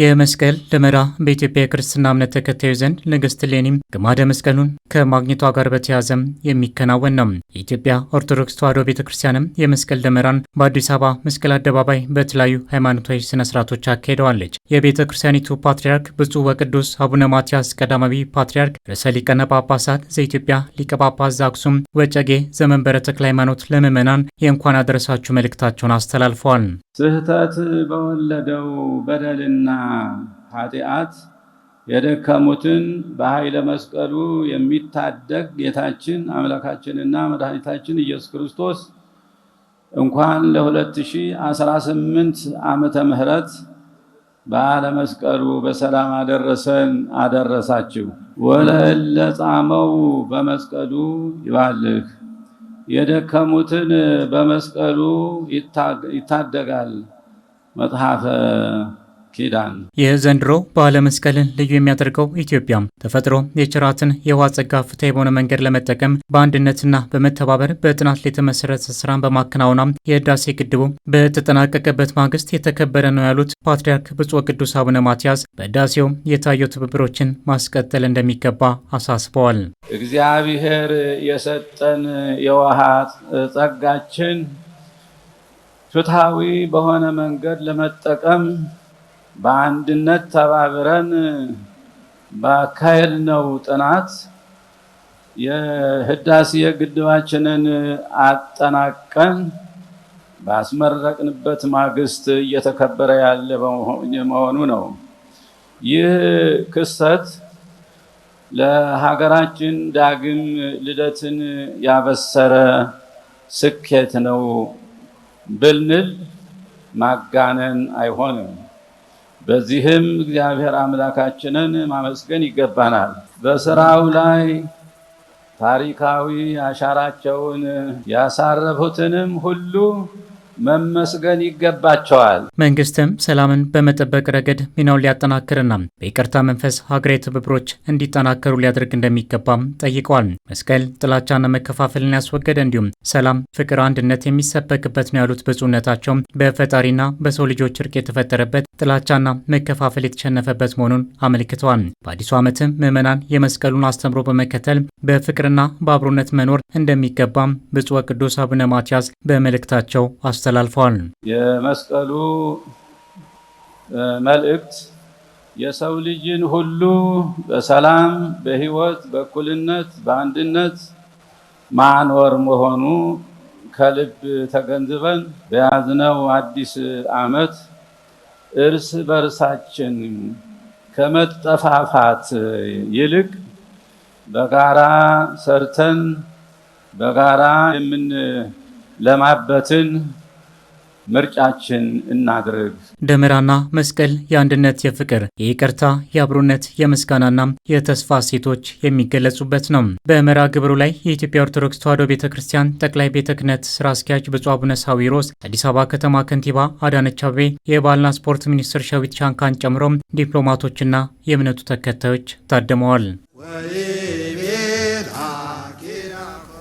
የመስቀል ደመራ በኢትዮጵያ የክርስትና እምነት ተከታዮች ዘንድ ንግሥት ሌኒም ግማደ መስቀሉን ከማግኘቷ ጋር በተያያዘም የሚከናወን ነው። የኢትዮጵያ ኦርቶዶክስ ተዋሕዶ ቤተ ክርስቲያንም የመስቀል ደመራን በአዲስ አበባ መስቀል አደባባይ በተለያዩ ሃይማኖታዊ ስነ ስርዓቶች አካሂደዋለች። የቤተ ክርስቲያኒቱ ፓትርያርክ ብፁዕ ወቅዱስ አቡነ ማትያስ ቀዳማዊ ፓትርያርክ ርዕሰ ሊቀነ ጳጳሳት ዘኢትዮጵያ ሊቀ ጳጳስ ዘአክሱም ወጨጌ ዘመንበረ ተክለ ሃይማኖት ለምእመናን የእንኳን አደረሳችሁ መልእክታቸውን አስተላልፈዋል። ስህተት በወለደው በደልና ኃጢአት የደከሙትን በኃይለ መስቀሉ የሚታደግ ጌታችን አምላካችንና መድኃኒታችን ኢየሱስ ክርስቶስ እንኳን ለ2018 ዓመተ ምህረት በዓለ መስቀሉ በሰላም አደረሰን አደረሳችሁ። ወለእለ ጻመው በመስቀሉ ይባልህ የደከሙትን በመስቀሉ ይታደጋል። መጽሐፈ ኪዳን የዘንድሮ በዓለ መስቀልን ልዩ የሚያደርገው ኢትዮጵያ ተፈጥሮ የችራትን የውሃ ጸጋ ፍትሐዊ በሆነ መንገድ ለመጠቀም በአንድነትና በመተባበር በጥናት የተመሰረተ ስራን በማከናወኗ የህዳሴ ግድቡ በተጠናቀቀበት ማግስት የተከበረ ነው ያሉት ፓትርያርክ ብፁዕ ቅዱስ አቡነ ማትያስ በህዳሴው የታየው ትብብሮችን ማስቀጠል እንደሚገባ አሳስበዋል። እግዚአብሔር የሰጠን የውሃ ጸጋችን ፍትሐዊ በሆነ መንገድ ለመጠቀም በአንድነት ተባብረን ባካሄድነው ጥናት የህዳሴ ግድባችንን አጠናቀን ባስመረቅንበት ማግስት እየተከበረ ያለ መሆኑ ነው። ይህ ክስተት ለሀገራችን ዳግም ልደትን ያበሰረ ስኬት ነው ብንል ማጋነን አይሆንም። በዚህም እግዚአብሔር አምላካችንን ማመስገን ይገባናል። በስራው ላይ ታሪካዊ አሻራቸውን ያሳረፉትንም ሁሉ መመስገን ይገባቸዋል። መንግስትም ሰላምን በመጠበቅ ረገድ ሚናውን ሊያጠናክርና በይቅርታ መንፈስ ሀገራዊ ትብብሮች እንዲጠናከሩ ሊያደርግ እንደሚገባም ጠይቀዋል። መስቀል ጥላቻና መከፋፈልን ያስወገደ እንዲሁም ሰላም፣ ፍቅር፣ አንድነት የሚሰበክበት ነው ያሉት ብፁዕነታቸውም በፈጣሪና በሰው ልጆች እርቅ የተፈጠረበት ጥላቻና መከፋፈል የተሸነፈበት መሆኑን አመልክተዋል። በአዲሱ ዓመትም ምዕመናን የመስቀሉን አስተምሮ በመከተል በፍቅርና በአብሮነት መኖር እንደሚገባም ብፁዕ ቅዱስ አቡነ ማትያስ በመልእክታቸው አስ አስተላልፏል። የመስቀሉ መልእክት የሰው ልጅን ሁሉ በሰላም በህይወት በእኩልነት በአንድነት ማኖር መሆኑ ከልብ ተገንዝበን በያዝነው አዲስ ዓመት እርስ በርሳችን ከመጠፋፋት ይልቅ በጋራ ሰርተን በጋራ የምንለማበትን ምርጫችን እናድርግ። ደመራና መስቀል የአንድነት፣ የፍቅር፣ የይቅርታ፣ የአብሮነት፣ የምስጋናና የተስፋ እሴቶች የሚገለጹበት ነው። በመርሃ ግብሩ ላይ የኢትዮጵያ ኦርቶዶክስ ተዋሕዶ ቤተ ክርስቲያን ጠቅላይ ቤተ ክህነት ስራ አስኪያጅ ብፁዕ አቡነ ሳዊሮስ፣ አዲስ አበባ ከተማ ከንቲባ አዳነች አቤቤ፣ የባህልና ስፖርት ሚኒስትር ሸዊት ሻንካን ጨምሮም ዲፕሎማቶችና የእምነቱ ተከታዮች ታድመዋል።